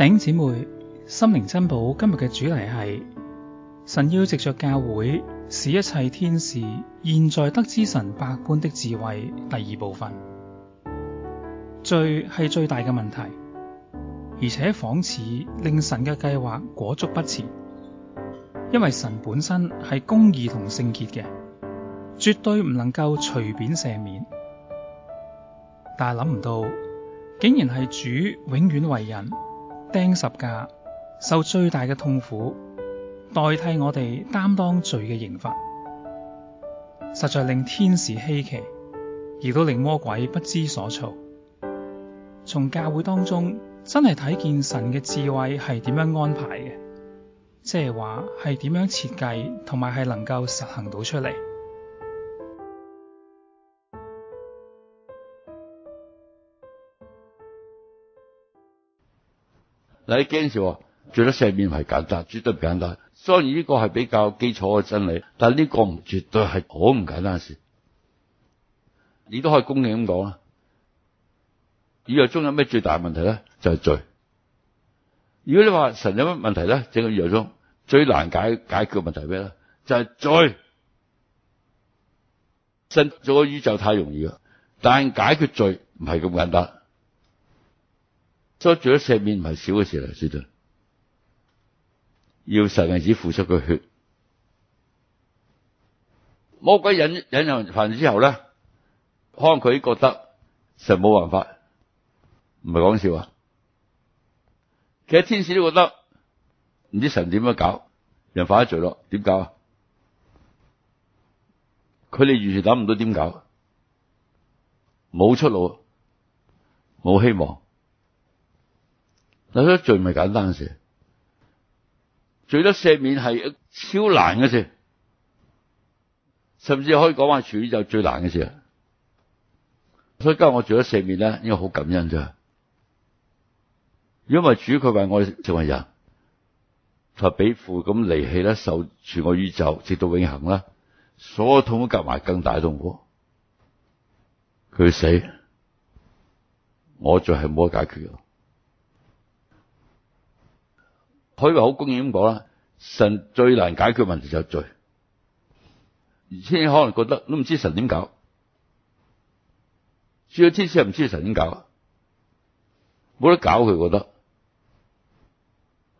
頂姐妹心靈珍寶，今日嘅主題係神要藉著教會使一切天使現在得知神百般的智慧。第二部分，罪係最大嘅問題，而且仿似令神嘅計劃裹足不前，因為神本身係公義同聖潔嘅，絕對唔能夠隨便赦免。但係諗唔到，竟然係主永遠為人，釘十架，受最大嘅痛苦，代替我哋擔當罪嘅刑罰，實在令天使稀奇，亦都令魔鬼不知所措。從教會當中真係睇見神嘅智慧係點樣安排嘅，即係話係點樣設計同埋係能夠實行到出嚟。但你驚住話，做得赦免係簡單，絕對唔簡單。雖然呢個係比較基礎嘅真理，但係呢個唔絕對係好唔簡單嘅事。你都可以公認咁講啦。宇宙中有咩最大的問題咧？就係、是、罪。如果你話神有乜問題咧？整個宇宙中最難解解決問題係咩咧？就係、是、罪。做個宇宙太容易啦，但解決罪唔係咁簡單。捉住咗石，面唔係少嘅事嚟，知道。要神子付出佢血，魔鬼引引人犯罪之後咧，可能佢覺得神冇辦法，唔係講笑啊！其實天使都覺得唔知神點樣搞，人犯咗罪咯，點搞啊？佢哋完全諗唔到點搞，冇出路，冇希望。嗱，咁罪唔係簡單嘅事，罪得赦免係超難嘅事，甚至可以講話全宇宙最難嘅事。所以今日我罪得赦免咧，應該好感恩咋。因為主，佢為我成為人，佢俾父咁離棄咧，受全個宇宙直到永恆啦，所有痛都夾埋更大痛苦。佢死，我罪係冇得解決。可以話好公義咁講啦，神最難解決問題就係罪，而且可能覺得都唔知神點搞，至於天使又唔知神點搞，冇得搞佢覺得，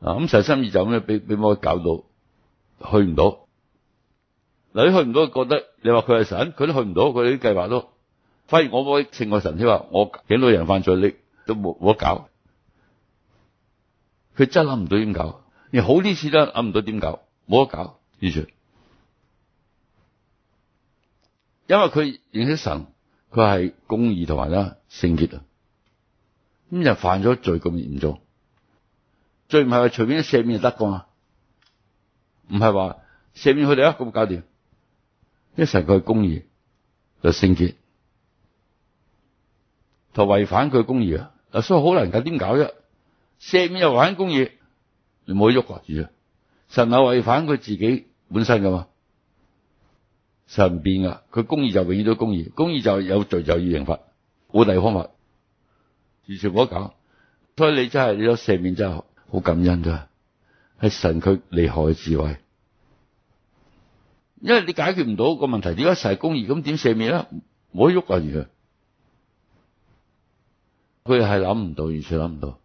啊咁神心意就咁樣俾俾我搞到去唔到，你去唔到覺得，你話佢係神，佢都去唔到佢啲計劃都反而我我稱我神先話，我幾多人犯罪你都冇冇得搞。佢真諗唔到點搞，而好啲事都諗唔到點搞，冇得搞完全，因為佢認識神，佢係公義同埋啦聖潔啊，咁就犯咗罪咁嚴重，罪唔係話隨便赦免就得噶嘛，唔係話赦免佢哋啊咁搞掂，因為神佢係公義就聖潔，就違反佢公義啊，所以好難噶點搞啫。赦免又玩公義，你唔好喐啊！神係違反佢自己本身噶嘛，神變噶，佢公義就永遠都公義，公義就有罪就要刑罰，冇第二方法，完全冇得搞。所以你真係你咗赦免真係好感恩噶，係神佢厲害嘅智慧，因為你解決唔到個問題，點解係公義咁點赦免咧？唔好喐啊！佢係諗唔到，完全諗唔到。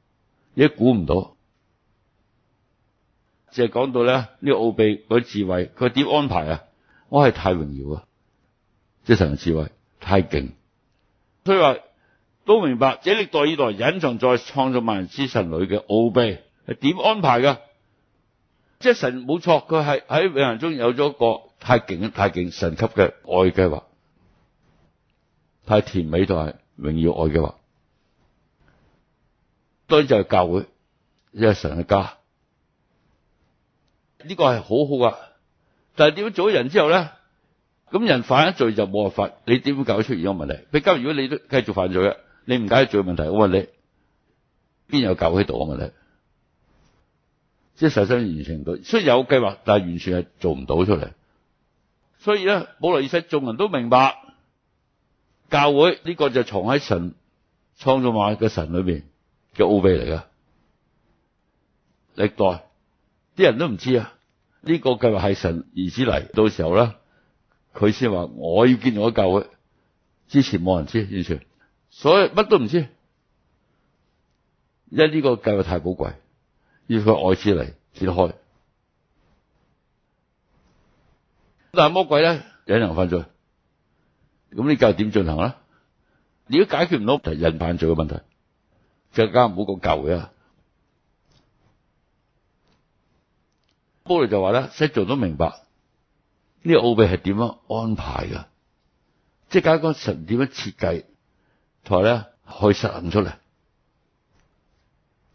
亦估唔到，即係講到咧呢奧秘啲智慧，佢點安排啊？我係太榮耀啊！即係神嘅智慧太勁，佢話話都明白，這歷代以來隱藏在創造萬物之神裡嘅奧秘係點安排㗎？即係神冇錯，佢係喺永恒中有咗個個太勁、太勁神級嘅愛計劃，太甜美同埋榮耀愛計劃。多啲就係教會，即係神嘅家，呢個係好好噶。但係點樣做咗人之後咧？咁人犯咗罪就冇辦法，你點教會出現咗問題？譬如今日如果你都繼續犯罪啦，你唔解決罪嘅問題，我話你邊有教會喺度啊？你即係實身完成到，雖然有計劃，但係完全係做唔到出嚟。所以咧，保羅又使眾人都明白，教會呢個就藏喺神創造萬物嘅神裏邊。叫奧秘嚟噶，歷代啲人都唔知啊！呢、這個計劃係神兒子嚟，到時候咧佢先話我要見我教會，之前冇人知完全，所以乜都唔知，因呢個計劃太寶貴，要佢兒子嚟展開。但係魔鬼咧引人犯罪，咁呢計劃點進行啦？如果解決唔到，就係人犯罪嘅問題。更加唔好講舊嘅。保羅就話咧，使做到明白呢個奧秘係點樣安排㗎，即係講一講神點樣設計，同埋咧可以實行出嚟，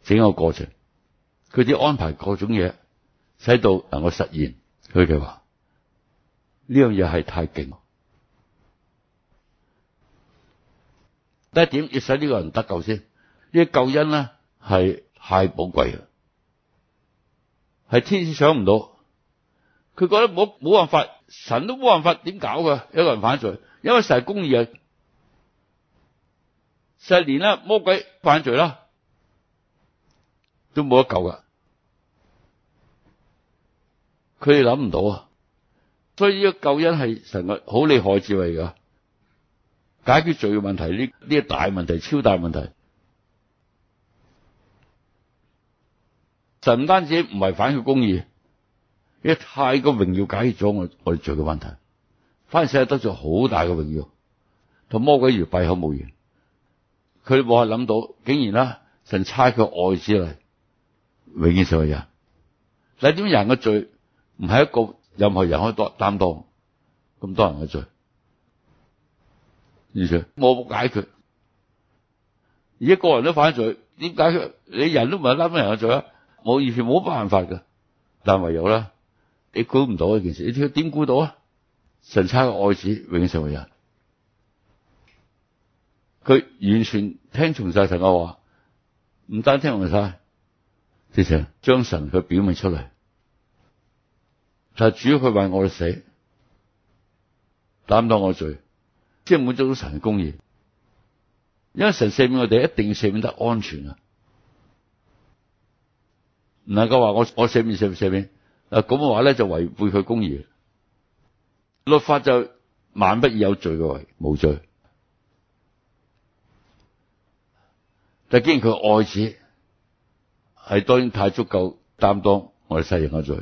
整個過程佢啲安排各種嘢，使到能夠實現佢哋話呢樣嘢係太勁。第一點要使呢個人得救先。呢、這個救恩咧係太寶貴啦，係天使想唔到，佢覺得冇冇辦法，神都冇辦法點搞嘅，一個人犯罪，因為神係公義啊，神連啦，魔鬼犯罪啦，都冇得救噶，佢哋諗唔到啊，所以呢個救恩係神嘅好厲害智慧噶，解決罪嘅問題呢呢個大問題，超大問題。就唔單止唔違反佢公義，因為太過榮耀解決咗我我哋罪嘅問題，反而成日得罪好大嘅榮耀，同魔鬼如閉口無言。佢冇係諗到，竟然啦、啊，神差佢愛子嚟永遠受嘅人。你係點人嘅罪唔係一個任何人可以擔擔當咁多人嘅罪，完全冇解決。而一個人都犯罪，點解決？你人都唔係擔人嘅罪啊！我完全冇辦法噶，但唯有啦，你估唔到呢件事，你點估到啊？神差嘅愛子永遠成為人，佢完全聽從晒神嘅話，唔單聽從晒，即成將神佢表明出嚟，就係主要佢為我哋死，擔當我罪，即係滿足咗神嘅公義，因為神赦免我哋，一定要赦免得安全啊！唔能夠話我我赦免赦免赦免，誒咁嘅話咧就違背佢公義。律法就萬不以有罪為無罪，但既然佢愛子係當然太足夠擔當我哋世人嘅罪，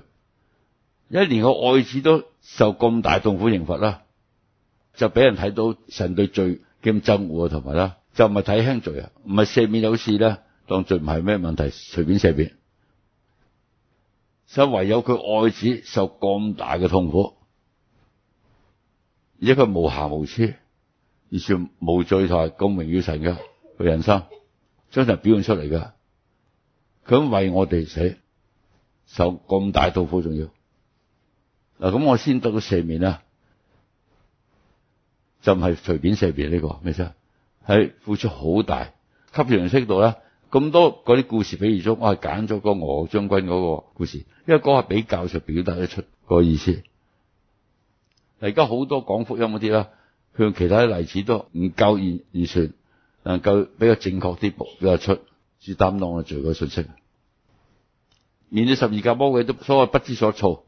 一年嘅愛子都受咁大痛苦刑罰啦，就俾人睇到神對罪兼憎惡，同埋啦就唔係睇輕罪啊，唔係赦免有事啦。當罪唔係咩問題，隨便赦免。所唯有佢愛子受咁大嘅痛苦，而且佢無瑕無疵，而且無罪態，咁榮耀神嘅佢人生將神表現出嚟嘅，佢為我哋死受咁大痛苦，仲要嗱咁我先得到赦免啦，就唔係隨便赦免呢個咩啫？係付出好大，吸羊息度咧。咁多嗰啲故事，比如中我係揀咗個俄將軍嗰個故事，因為嗰係比較上表達得出個意思。而家好多講福音嗰啲啦，向其他例子都唔夠完完善能夠比較正確啲比較出主擔當嘅罪嘅信息。面對十二架，魔鬼都所謂不知所措，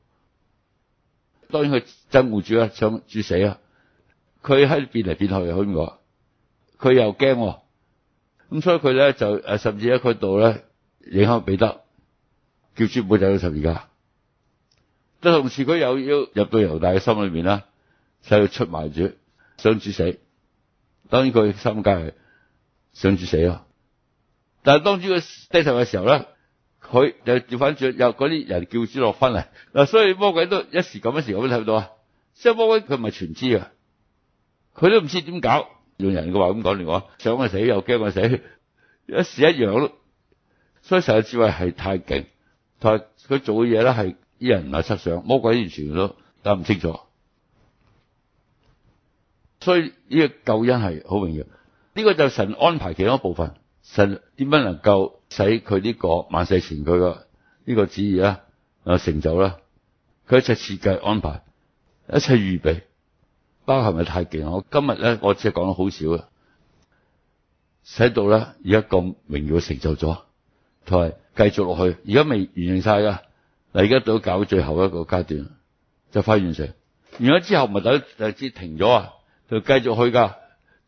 當然佢憎惡主啊，想主死啊，佢喺變嚟變去去佢又驚。咁所以佢咧就誒，甚至喺佢度咧影響彼得，叫主母走到十二家。但同時佢又要入到猶大嘅心裏面啦，使佢出賣主，想主死。當然佢心梗係想主死囉。但係當主佢低頭嘅時候咧，佢又調翻轉，又嗰啲人叫主落翻嚟。嗱，所以魔鬼都一時咁一時咁都睇到啊。即係魔鬼佢唔係全知啊，佢都唔知點搞。用人嘅話咁講嚟講，想佢死又驚佢死，一時一樣咯。所以神嘅智慧係太勁，同埋佢做嘅嘢咧係啲人啊失上魔鬼完全都搞唔清楚。所以呢個救恩係好重要，呢、呢個就是神安排其中一部分，神點樣能夠使佢呢個萬世前佢嘅呢個旨意咧成就啦，佢一切設計安排，一切預備。係咪太勁？我今日咧，我只係講得好少啊，使到咧而家咁榮耀成就咗，同埋繼續落去。而家未完成晒噶，嗱，而家到搞最後一個階段，就快完成。完咗之後咪等，即係停咗啊，繼續去噶，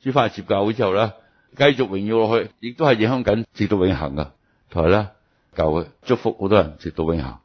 轉翻接教會之後咧，繼續榮耀落去，亦都係影響緊，直到永恆噶。同埋咧，教會祝福好多人，直到永恆。